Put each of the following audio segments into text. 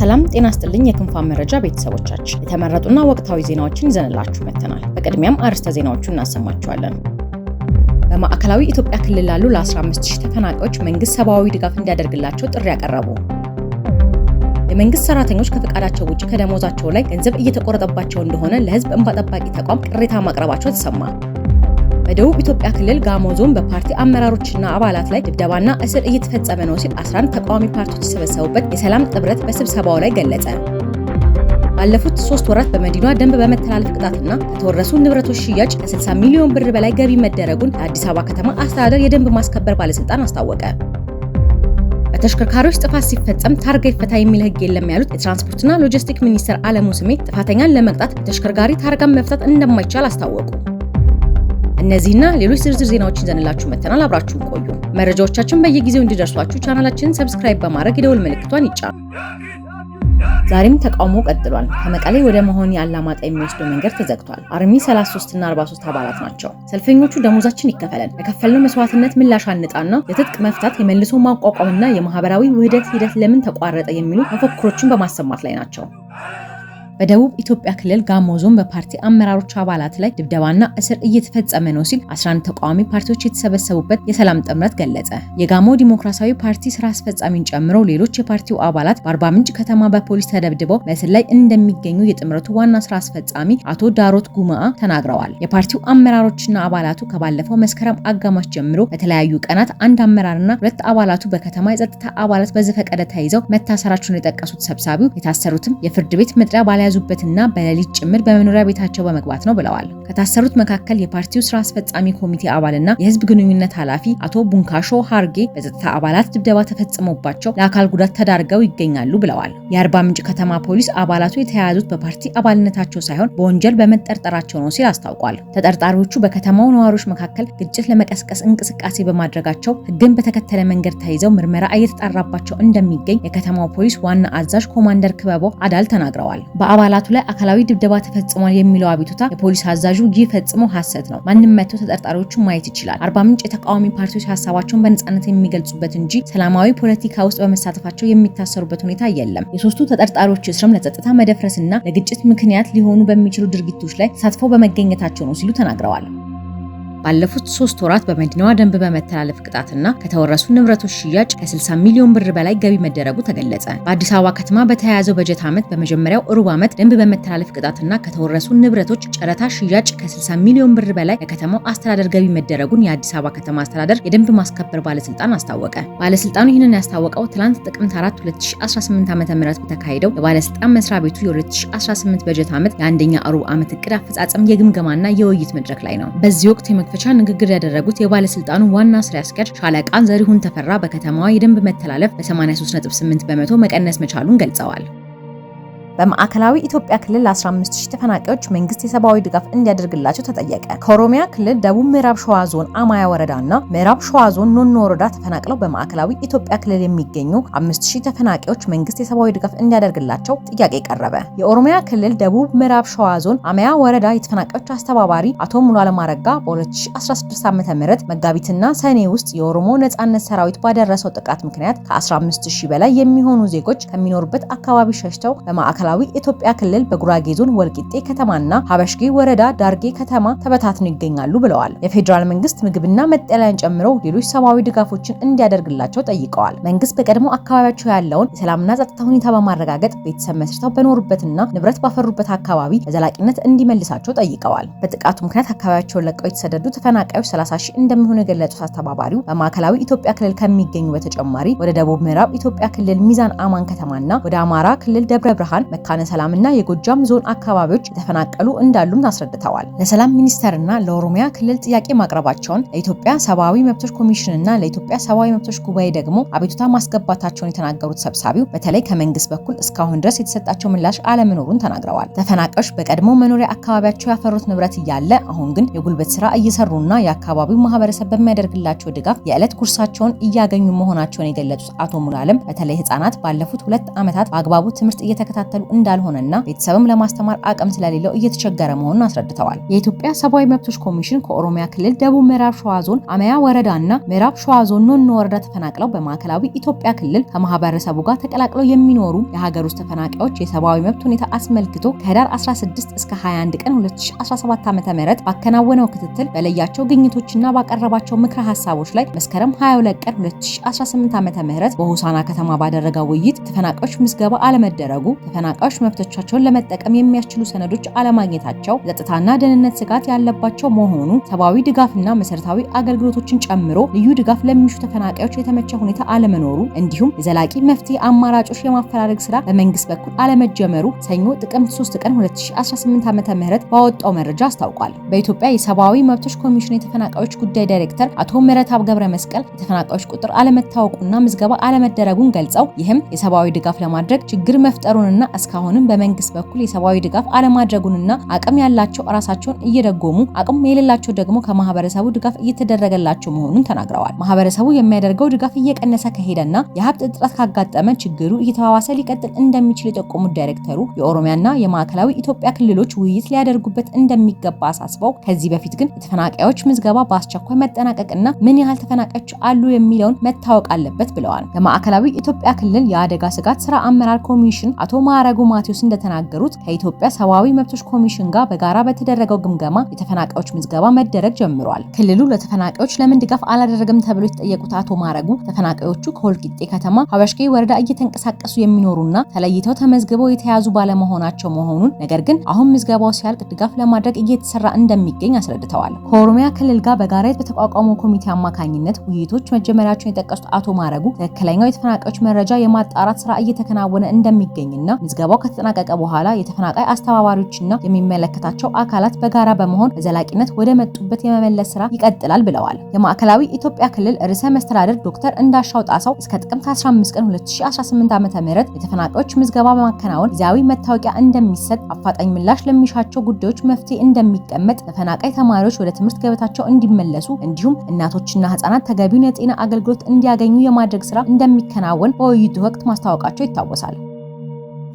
ሰላም ጤና ስጥልኝ። የክንፋን መረጃ ቤተሰቦቻችን የተመረጡና ወቅታዊ ዜናዎችን ይዘንላችሁ መጥተናል። በቅድሚያም አርዕስተ ዜናዎቹን እናሰማችኋለን። በማዕከላዊ ኢትዮጵያ ክልል ላሉ ለ15000 ተፈናቃዮች መንግስት ሰብአዊ ድጋፍ እንዲያደርግላቸው ጥሪ ያቀረቡ። የመንግስት ሰራተኞች ከፈቃዳቸው ውጭ ከደሞዛቸው ላይ ገንዘብ እየተቆረጠባቸው እንደሆነ ለህዝብ እንባ ጠባቂ ተቋም ቅሬታ ማቅረባቸው ተሰማ። በደቡብ ኢትዮጵያ ክልል ጋሞ ዞን በፓርቲ አመራሮችና አባላት ላይ ድብደባና እስር እየተፈጸመ ነው ሲል 11 ተቃዋሚ ፓርቲዎች የተሰበሰቡበት የሰላም ጥብረት በስብሰባው ላይ ገለጸ። ባለፉት ሶስት ወራት በመዲኗ ደንብ በመተላለፍ ቅጣትና ከተወረሱ ንብረቶች ሽያጭ ከ60 ሚሊዮን ብር በላይ ገቢ መደረጉን የአዲስ አበባ ከተማ አስተዳደር የደንብ ማስከበር ባለስልጣን አስታወቀ። በተሽከርካሪዎች ጥፋት ሲፈጸም ታርጋ ይፈታ የሚል ሕግ የለም ያሉት የትራንስፖርትና ሎጂስቲክ ሚኒስትር አለሙ ስሜት ጥፋተኛን ለመቅጣት በተሽከርካሪ ታርጋን መፍታት እንደማይቻል አስታወቁ። እነዚህና ሌሎች ዝርዝር ዜናዎችን ይዘንላችሁ መተናል። አብራችሁን ቆዩ። መረጃዎቻችን በየጊዜው እንዲደርሷችሁ ቻናላችንን ሰብስክራይብ በማድረግ የደውል ምልክቷን ይጫኑ። ዛሬም ተቃውሞ ቀጥሏል። ከመቀሌ ወደ መሆን አላማጣ የሚወስደው መንገድ ተዘግቷል። አርሚ 33 እና 43 አባላት ናቸው። ሰልፈኞቹ ደሞዛችን ይከፈለን፣ ለከፈልነው መስዋዕትነት ምላሽ አንጣና የትጥቅ መፍታት የመልሶ ማቋቋምና የማህበራዊ ውህደት ሂደት ለምን ተቋረጠ የሚሉ መፈክሮችን በማሰማት ላይ ናቸው። በደቡብ ኢትዮጵያ ክልል ጋሞ ዞን በፓርቲ አመራሮች አባላት ላይ ድብደባና እስር እየተፈጸመ ነው ሲል 11 ተቃዋሚ ፓርቲዎች የተሰበሰቡበት የሰላም ጥምረት ገለጸ። የጋሞ ዲሞክራሲያዊ ፓርቲ ስራ አስፈጻሚን ጨምሮ ሌሎች የፓርቲው አባላት በአርባ ምንጭ ከተማ በፖሊስ ተደብድበው በእስር ላይ እንደሚገኙ የጥምረቱ ዋና ስራ አስፈጻሚ አቶ ዳሮት ጉማአ ተናግረዋል። የፓርቲው አመራሮችና አባላቱ ከባለፈው መስከረም አጋማሽ ጀምሮ በተለያዩ ቀናት አንድ አመራርና ሁለት አባላቱ በከተማ የጸጥታ አባላት በዘፈቀደ ተይዘው መታሰራቸውን የጠቀሱት ሰብሳቢው የታሰሩትም የፍርድ ቤት መጥሪያ ባለ በተያዙበትና በሌሊት ጭምር በመኖሪያ ቤታቸው በመግባት ነው ብለዋል። ከታሰሩት መካከል የፓርቲው ስራ አስፈጻሚ ኮሚቴ አባልና የህዝብ ግንኙነት ኃላፊ አቶ ቡንካሾ ሃርጌ በጸጥታ አባላት ድብደባ ተፈጽሞባቸው ለአካል ጉዳት ተዳርገው ይገኛሉ ብለዋል። የአርባ ምንጭ ከተማ ፖሊስ አባላቱ የተያያዙት በፓርቲ አባልነታቸው ሳይሆን በወንጀል በመጠርጠራቸው ነው ሲል አስታውቋል። ተጠርጣሪዎቹ በከተማው ነዋሪዎች መካከል ግጭት ለመቀስቀስ እንቅስቃሴ በማድረጋቸው ህግን በተከተለ መንገድ ተይዘው ምርመራ እየተጣራባቸው እንደሚገኝ የከተማው ፖሊስ ዋና አዛዥ ኮማንደር ክበቦ አዳል ተናግረዋል። በአባላቱ ላይ አካላዊ ድብደባ ተፈጽሟል የሚለው አቤቱታ የፖሊስ አዛዡ ይህ ፈጽሞ ሐሰት ነው፣ ማንም መጥቶ ተጠርጣሪዎቹ ማየት ይችላል። አርባ ምንጭ የተቃዋሚ ፓርቲዎች ሀሳባቸውን በነጻነት የሚገልጹበት እንጂ ሰላማዊ ፖለቲካ ውስጥ በመሳተፋቸው የሚታሰሩበት ሁኔታ የለም። የሶስቱ ተጠርጣሪዎች እስርም ለጸጥታ መደፍረስና ለግጭት ምክንያት ሊሆኑ በሚችሉ ድርጊቶች ላይ ተሳትፈው በመገኘታቸው ነው ሲሉ ተናግረዋል። ባለፉት ሶስት ወራት በመዲናዋ ደንብ በመተላለፍ ቅጣትና ከተወረሱ ንብረቶች ሽያጭ ከ60 ሚሊዮን ብር በላይ ገቢ መደረጉ ተገለጸ። በአዲስ አበባ ከተማ በተያያዘው በጀት ዓመት በመጀመሪያው ሩብ ዓመት ደንብ በመተላለፍ ቅጣትና ከተወረሱ ንብረቶች ጨረታ ሽያጭ ከ60 ሚሊዮን ብር በላይ ለከተማው አስተዳደር ገቢ መደረጉን የአዲስ አበባ ከተማ አስተዳደር የደንብ ማስከበር ባለስልጣን አስታወቀ። ባለስልጣኑ ይህንን ያስታወቀው ትላንት ጥቅምት 4 2018 ዓ ም በተካሄደው የባለስልጣን መስሪያ ቤቱ የ2018 በጀት ዓመት የአንደኛ ሩብ ዓመት እቅድ አፈጻጸም የግምገማና የውይይት መድረክ ላይ ነው። በዚህ ወቅት የመክፈ መክፈቻ ንግግር ያደረጉት የባለስልጣኑ ዋና ስራ አስኪያጅ ሻለቃን ዘሪሁን ተፈራ በከተማዋ የደንብ መተላለፍ በ83.8 በመቶ መቀነስ መቻሉን ገልጸዋል። በማዕከላዊ ኢትዮጵያ ክልል 15 ሺህ ተፈናቃዮች መንግስት የሰብአዊ ድጋፍ እንዲያደርግላቸው ተጠየቀ። ከኦሮሚያ ክልል ደቡብ ምዕራብ ሸዋ ዞን አማያ ወረዳና ምዕራብ ሸዋ ዞን ኖኖ ወረዳ ተፈናቅለው በማዕከላዊ ኢትዮጵያ ክልል የሚገኙ 5000 ተፈናቃዮች መንግስት የሰብአዊ ድጋፍ እንዲያደርግላቸው ጥያቄ ቀረበ። የኦሮሚያ ክልል ደቡብ ምዕራብ ሸዋ ዞን አማያ ወረዳ የተፈናቃዮች አስተባባሪ አቶ ሙሉ አለማረጋ በ2016 ዓ.ም መጋቢትና ሰኔ ውስጥ የኦሮሞ ነጻነት ሰራዊት ባደረሰው ጥቃት ምክንያት ከ15000 በላይ የሚሆኑ ዜጎች ከሚኖሩበት አካባቢ ሸሽተው በማዕከላ ማዕከላዊ ኢትዮጵያ ክልል በጉራጌ ዞን ወልቂጤ ከተማና ሀበሽጌ ወረዳ ዳርጌ ከተማ ተበታትነው ይገኛሉ ብለዋል። የፌዴራል መንግስት ምግብና መጠለያን ጨምሮ ሌሎች ሰብአዊ ድጋፎችን እንዲያደርግላቸው ጠይቀዋል። መንግስት በቀድሞ አካባቢያቸው ያለውን የሰላምና ጸጥታ ሁኔታ በማረጋገጥ ቤተሰብ መስርተው በኖሩበትና ንብረት ባፈሩበት አካባቢ በዘላቂነት እንዲመልሳቸው ጠይቀዋል። በጥቃቱ ምክንያት አካባቢያቸውን ለቀው የተሰደዱ ተፈናቃዮች 30 ሺህ እንደሚሆኑ የገለጹት አስተባባሪው በማዕከላዊ ኢትዮጵያ ክልል ከሚገኙ በተጨማሪ ወደ ደቡብ ምዕራብ ኢትዮጵያ ክልል ሚዛን አማን ከተማና ወደ አማራ ክልል ደብረ ብርሃን መካነ ሰላምና የጎጃም ዞን አካባቢዎች የተፈናቀሉ እንዳሉም አስረድተዋል። ለሰላም ሚኒስቴርና ለኦሮሚያ ክልል ጥያቄ ማቅረባቸውን ለኢትዮጵያ ሰብአዊ መብቶች ኮሚሽንና ለኢትዮጵያ ሰብአዊ መብቶች ጉባኤ ደግሞ አቤቱታ ማስገባታቸውን የተናገሩት ሰብሳቢው በተለይ ከመንግስት በኩል እስካሁን ድረስ የተሰጣቸው ምላሽ አለመኖሩን ተናግረዋል። ተፈናቃዮች በቀድሞ መኖሪያ አካባቢያቸው ያፈሩት ንብረት እያለ አሁን ግን የጉልበት ስራ እየሰሩና የአካባቢው ማህበረሰብ በሚያደርግላቸው ድጋፍ የዕለት ጉርሳቸውን እያገኙ መሆናቸውን የገለጹት አቶ ሙላለም በተለይ ህጻናት ባለፉት ሁለት ዓመታት በአግባቡ ትምህርት እየተከታተሉ እንዳልሆነና ቤተሰብም ለማስተማር አቅም ስለሌለው እየተቸገረ መሆኑን አስረድተዋል። የኢትዮጵያ ሰብአዊ መብቶች ኮሚሽን ከኦሮሚያ ክልል ደቡብ ምዕራብ ሸዋ ዞን አመያ ወረዳና ምዕራብ ሸዋ ዞን ኖኖ ወረዳ ተፈናቅለው በማዕከላዊ ኢትዮጵያ ክልል ከማህበረሰቡ ጋር ተቀላቅለው የሚኖሩ የሀገር ውስጥ ተፈናቃዮች የሰብአዊ መብት ሁኔታ አስመልክቶ ከህዳር 16 እስከ 21 ቀን 2017 ም ባከናወነው ክትትል በለያቸው ግኝቶችና ባቀረባቸው ምክረ ሀሳቦች ላይ መስከረም 22 ቀን 2018 ም በሆሳና ከተማ ባደረገው ውይይት ተፈናቃዮች ምዝገባ አለመደረጉ ተፈናቃዮች መብቶቻቸውን ለመጠቀም የሚያስችሉ ሰነዶች አለማግኘታቸው፣ ጸጥታና ደህንነት ስጋት ያለባቸው መሆኑ፣ ሰብአዊ ድጋፍና መሰረታዊ አገልግሎቶችን ጨምሮ ልዩ ድጋፍ ለሚሹ ተፈናቃዮች የተመቸ ሁኔታ አለመኖሩ እንዲሁም የዘላቂ መፍትሄ አማራጮች የማፈላለግ ስራ በመንግስት በኩል አለመጀመሩ ሰኞ ጥቅምት 3 ቀን 2018 ዓ.ም ባወጣው መረጃ አስታውቋል። በኢትዮጵያ የሰብአዊ መብቶች ኮሚሽን የተፈናቃዮች ጉዳይ ዳይሬክተር አቶ ምረታብ ገብረ መስቀል የተፈናቃዮች ቁጥር አለመታወቁና ምዝገባ አለመደረጉን ገልጸው ይህም የሰብአዊ ድጋፍ ለማድረግ ችግር መፍጠሩንና እስካሁንም በመንግስት በኩል የሰብአዊ ድጋፍ አለማድረጉንና አቅም ያላቸው ራሳቸውን እየደጎሙ አቅም የሌላቸው ደግሞ ከማህበረሰቡ ድጋፍ እየተደረገላቸው መሆኑን ተናግረዋል። ማህበረሰቡ የሚያደርገው ድጋፍ እየቀነሰ ከሄደና የሀብት እጥረት ካጋጠመ ችግሩ እየተባባሰ ሊቀጥል እንደሚችል የጠቆሙት ዳይሬክተሩ የኦሮሚያና የማዕከላዊ ኢትዮጵያ ክልሎች ውይይት ሊያደርጉበት እንደሚገባ አሳስበው ከዚህ በፊት ግን የተፈናቃዮች ምዝገባ በአስቸኳይ መጠናቀቅና ምን ያህል ተፈናቃዮች አሉ የሚለውን መታወቅ አለበት ብለዋል። የማዕከላዊ ኢትዮጵያ ክልል የአደጋ ስጋት ስራ አመራር ኮሚሽን አቶ ማራ ሐረጉ ማቴዎስ እንደተናገሩት ከኢትዮጵያ ሰብአዊ መብቶች ኮሚሽን ጋር በጋራ በተደረገው ግምገማ የተፈናቃዮች ምዝገባ መደረግ ጀምሯል። ክልሉ ለተፈናቃዮች ለምን ድጋፍ አላደረገም ተብሎ የተጠየቁት አቶ ማረጉ ተፈናቃዮቹ ከወልቂጤ ከተማ ሀበሽቄ ወረዳ እየተንቀሳቀሱ የሚኖሩና ተለይተው ተመዝግበው የተያዙ ባለመሆናቸው መሆኑን ነገር ግን አሁን ምዝገባው ሲያልቅ ድጋፍ ለማድረግ እየተሰራ እንደሚገኝ አስረድተዋል። ከኦሮሚያ ክልል ጋር በጋራ በተቋቋመው ኮሚቴ አማካኝነት ውይይቶች መጀመሪያቸውን የጠቀሱት አቶ ማረጉ ትክክለኛው የተፈናቃዮች መረጃ የማጣራት ስራ እየተከናወነ እንደሚገኝና ምዝገባው ከተጠናቀቀ በኋላ የተፈናቃይ አስተባባሪዎችና የሚመለከታቸው አካላት በጋራ በመሆን በዘላቂነት ወደ መጡበት የመመለስ ስራ ይቀጥላል ብለዋል። የማዕከላዊ ኢትዮጵያ ክልል ርዕሰ መስተዳደር ዶክተር እንዳሻው ጣሰው እስከ ጥቅምት 15 ቀን 2018 ዓ.ም የተፈናቃዮች ምዝገባ በማከናወን ጊዜያዊ መታወቂያ እንደሚሰጥ፣ አፋጣኝ ምላሽ ለሚሻቸው ጉዳዮች መፍትሄ እንደሚቀመጥ፣ ተፈናቃይ ተማሪዎች ወደ ትምህርት ገበታቸው እንዲመለሱ እንዲሁም እናቶችና ህጻናት ተገቢውን የጤና አገልግሎት እንዲያገኙ የማድረግ ስራ እንደሚከናወን በውይይቱ ወቅት ማስታወቃቸው ይታወሳል።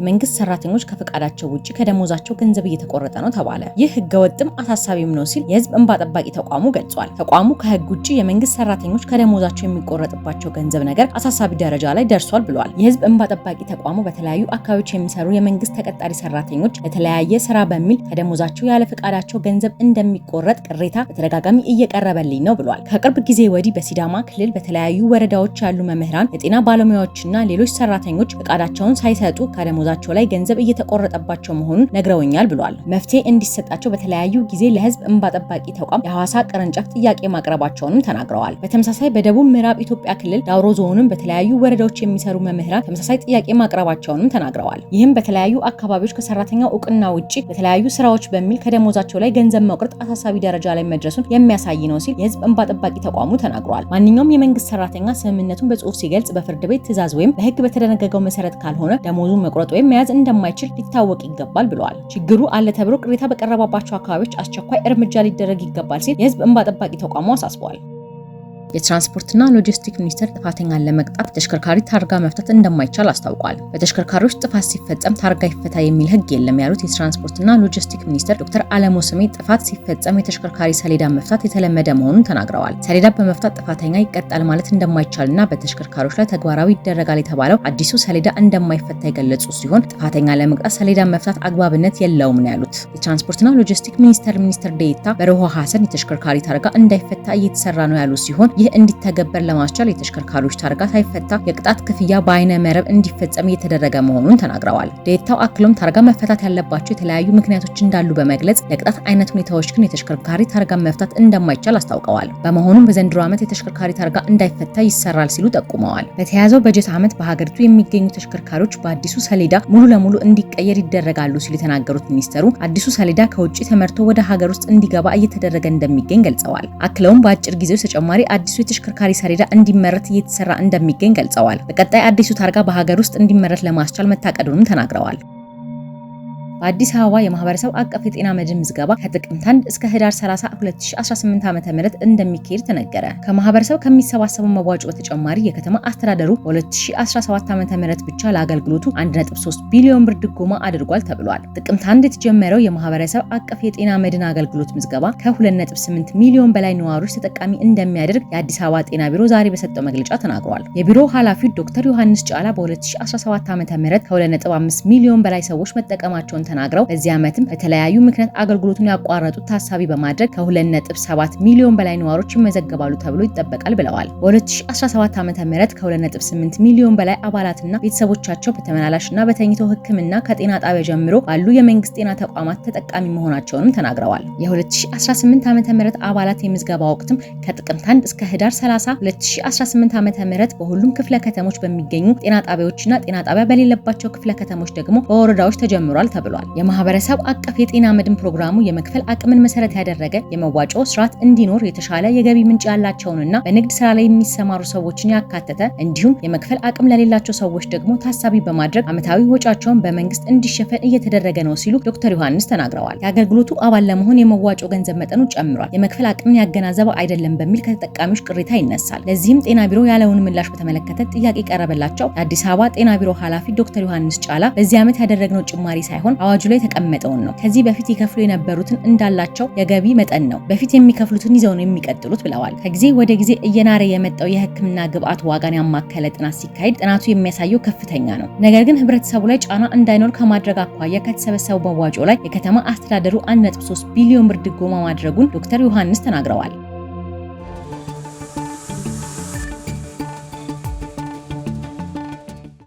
የመንግስት ሰራተኞች ከፈቃዳቸው ውጭ ከደሞዛቸው ገንዘብ እየተቆረጠ ነው ተባለ። ይህ ህገወጥም አሳሳቢም ነው ሲል የህዝብ እንባ ጠባቂ ተቋሙ ገልጿል። ተቋሙ ከህግ ውጭ የመንግስት ሰራተኞች ከደሞዛቸው የሚቆረጥባቸው ገንዘብ ነገር አሳሳቢ ደረጃ ላይ ደርሷል ብሏል። የህዝብ እንባ ጠባቂ ተቋሙ በተለያዩ አካባቢዎች የሚሰሩ የመንግስት ተቀጣሪ ሰራተኞች ለተለያየ ስራ በሚል ከደሞዛቸው ያለ ፈቃዳቸው ገንዘብ እንደሚቆረጥ ቅሬታ በተደጋጋሚ እየቀረበልኝ ነው ብሏል። ከቅርብ ጊዜ ወዲህ በሲዳማ ክልል በተለያዩ ወረዳዎች ያሉ መምህራን፣ የጤና ባለሙያዎችና ሌሎች ሰራተኞች ፈቃዳቸውን ሳይሰጡ ከደሞዛ ደሞዛቸው ላይ ገንዘብ እየተቆረጠባቸው መሆኑን ነግረውኛል ብሏል። መፍትሄ እንዲሰጣቸው በተለያዩ ጊዜ ለህዝብ እንባ ጠባቂ ተቋም የሐዋሳ ቅርንጫፍ ጥያቄ ማቅረባቸውንም ተናግረዋል። በተመሳሳይ በደቡብ ምዕራብ ኢትዮጵያ ክልል ዳውሮ ዞንም በተለያዩ ወረዳዎች የሚሰሩ መምህራን ተመሳሳይ ጥያቄ ማቅረባቸውንም ተናግረዋል። ይህም በተለያዩ አካባቢዎች ከሰራተኛ እውቅና ውጭ በተለያዩ ስራዎች በሚል ከደሞዛቸው ላይ ገንዘብ መቁረጥ አሳሳቢ ደረጃ ላይ መድረሱን የሚያሳይ ነው ሲል የህዝብ እንባ ጠባቂ ተቋሙ ተናግሯል። ማንኛውም የመንግስት ሰራተኛ ስምምነቱን በጽሁፍ ሲገልጽ በፍርድ ቤት ትእዛዝ ወይም በህግ በተደነገገው መሰረት ካልሆነ ደሞዙን መቁረጡ ወይም መያዝ እንደማይችል ሊታወቅ ይገባል ብለዋል። ችግሩ አለ ተብሎ ቅሬታ በቀረባባቸው አካባቢዎች አስቸኳይ እርምጃ ሊደረግ ይገባል ሲል የህዝብ እንባ ጠባቂ ተቋሙ አሳስበዋል። የትራንስፖርትና ሎጂስቲክ ሚኒስቴር ጥፋተኛን ለመቅጣት ተሽከርካሪ ታርጋ መፍታት እንደማይቻል አስታውቋል። በተሽከርካሪዎች ጥፋት ሲፈጸም ታርጋ ይፈታ የሚል ሕግ የለም ያሉት የትራንስፖርትና ሎጂስቲክ ሚኒስቴር ዶክተር አለሙ ስሜ ጥፋት ሲፈጸም የተሽከርካሪ ሰሌዳ መፍታት የተለመደ መሆኑን ተናግረዋል። ሰሌዳ በመፍታት ጥፋተኛ ይቀጣል ማለት እንደማይቻልና በተሽከርካሪዎች ላይ ተግባራዊ ይደረጋል የተባለው አዲሱ ሰሌዳ እንደማይፈታ የገለጹ ሲሆን ጥፋተኛ ለመቅጣት ሰሌዳ መፍታት አግባብነት የለውም ነው ያሉት። የትራንስፖርትና ሎጂስቲክ ሚኒስቴር ሚኒስትር ዴኤታ በረሆ ሀሰን የተሽከርካሪ ታርጋ እንዳይፈታ እየተሰራ ነው ያሉ ሲሆን ይህ እንዲተገበር ለማስቻል የተሽከርካሪዎች ታርጋ ሳይፈታ የቅጣት ክፍያ በአይነ መረብ እንዲፈጸም እየተደረገ መሆኑን ተናግረዋል። ዴታው አክሎም ታርጋ መፈታት ያለባቸው የተለያዩ ምክንያቶች እንዳሉ በመግለጽ ለቅጣት አይነት ሁኔታዎች ግን የተሽከርካሪ ታርጋ መፍታት እንደማይቻል አስታውቀዋል። በመሆኑም በዘንድሮ ዓመት የተሽከርካሪ ታርጋ እንዳይፈታ ይሰራል ሲሉ ጠቁመዋል። በተያያዘው በጀት ዓመት በሀገሪቱ የሚገኙ ተሽከርካሪዎች በአዲሱ ሰሌዳ ሙሉ ለሙሉ እንዲቀየር ይደረጋሉ ሲሉ የተናገሩት ሚኒስተሩ አዲሱ ሰሌዳ ከውጭ ተመርቶ ወደ ሀገር ውስጥ እንዲገባ እየተደረገ እንደሚገኝ ገልጸዋል። አክለውም በአጭር ጊዜ ተጨማሪ አዲሱ የተሽከርካሪ ሰሌዳ እንዲመረት እየተሰራ እንደሚገኝ ገልጸዋል። በቀጣይ አዲሱ ታርጋ በሀገር ውስጥ እንዲመረት ለማስቻል መታቀዱንም ተናግረዋል። በአዲስ አበባ የማህበረሰብ አቀፍ የጤና መድን ምዝገባ ከጥቅምት 1 እስከ ህዳር 30 2018 ዓ.ም እንደሚካሄድ ተነገረ። ከማህበረሰብ ከሚሰባሰቡ መዋጮ በተጨማሪ የከተማ አስተዳደሩ በ2017 ዓ.ም ብቻ ለአገልግሎቱ 1.3 ቢሊዮን ብር ድጎማ አድርጓል ተብሏል። ጥቅምት 1 የተጀመረው የማህበረሰብ አቀፍ የጤና መድን አገልግሎት ምዝገባ ከ2.8 ሚሊዮን በላይ ነዋሪዎች ተጠቃሚ እንደሚያደርግ የአዲስ አበባ ጤና ቢሮ ዛሬ በሰጠው መግለጫ ተናግሯል። የቢሮው ኃላፊው ዶክተር ዮሐንስ ጫላ በ2017 ም ከ2.5 ሚሊዮን በላይ ሰዎች መጠቀማቸውን ተናግረው በዚህ ዓመትም በተለያዩ ምክንያት አገልግሎቱን ያቋረጡት ታሳቢ በማድረግ ከ2.7 ሚሊዮን በላይ ነዋሪዎች ይመዘገባሉ ተብሎ ይጠበቃል ብለዋል። በ2017 ዓ ም ከ2.8 ሚሊዮን በላይ አባላትና ቤተሰቦቻቸው በተመላላሽና በተኝተው ሕክምና ከጤና ጣቢያ ጀምሮ ባሉ የመንግስት ጤና ተቋማት ተጠቃሚ መሆናቸውንም ተናግረዋል። የ2018 ዓ ም አባላት የምዝገባ ወቅትም ከጥቅምት 1 እስከ ህዳር 30 2018 ዓ ም በሁሉም ክፍለ ከተሞች በሚገኙ ጤና ጣቢያዎችና ጤና ጣቢያ በሌለባቸው ክፍለ ከተሞች ደግሞ በወረዳዎች ተጀምሯል ተብሏል። ብሏል። የማህበረሰብ አቀፍ የጤና መድን ፕሮግራሙ የመክፈል አቅምን መሰረት ያደረገ የመዋጮ ስርዓት እንዲኖር የተሻለ የገቢ ምንጭ ያላቸውንና በንግድ ስራ ላይ የሚሰማሩ ሰዎችን ያካተተ እንዲሁም የመክፈል አቅም ለሌላቸው ሰዎች ደግሞ ታሳቢ በማድረግ ዓመታዊ ወጫቸውን በመንግስት እንዲሸፈን እየተደረገ ነው ሲሉ ዶክተር ዮሐንስ ተናግረዋል። የአገልግሎቱ አባል ለመሆን የመዋጮ ገንዘብ መጠኑ ጨምሯል፣ የመክፈል አቅምን ያገናዘበ አይደለም በሚል ከተጠቃሚዎች ቅሬታ ይነሳል። ለዚህም ጤና ቢሮ ያለውን ምላሽ በተመለከተ ጥያቄ ቀረበላቸው የአዲስ አበባ ጤና ቢሮ ኃላፊ ዶክተር ዮሐንስ ጫላ በዚህ ዓመት ያደረግነው ጭማሪ ሳይሆን አዋጁ ላይ የተቀመጠውን ነው። ከዚህ በፊት ይከፍሉ የነበሩትን እንዳላቸው የገቢ መጠን ነው። በፊት የሚከፍሉትን ይዘው ነው የሚቀጥሉት ብለዋል። ከጊዜ ወደ ጊዜ እየናረ የመጣው የህክምና ግብአት ዋጋን ያማከለ ጥናት ሲካሄድ ጥናቱ የሚያሳየው ከፍተኛ ነው። ነገር ግን ህብረተሰቡ ላይ ጫና እንዳይኖር ከማድረግ አኳያ ከተሰበሰበው መዋጮ ላይ የከተማ አስተዳደሩ 1.3 ቢሊዮን ብር ድጎማ ማድረጉን ዶክተር ዮሐንስ ተናግረዋል።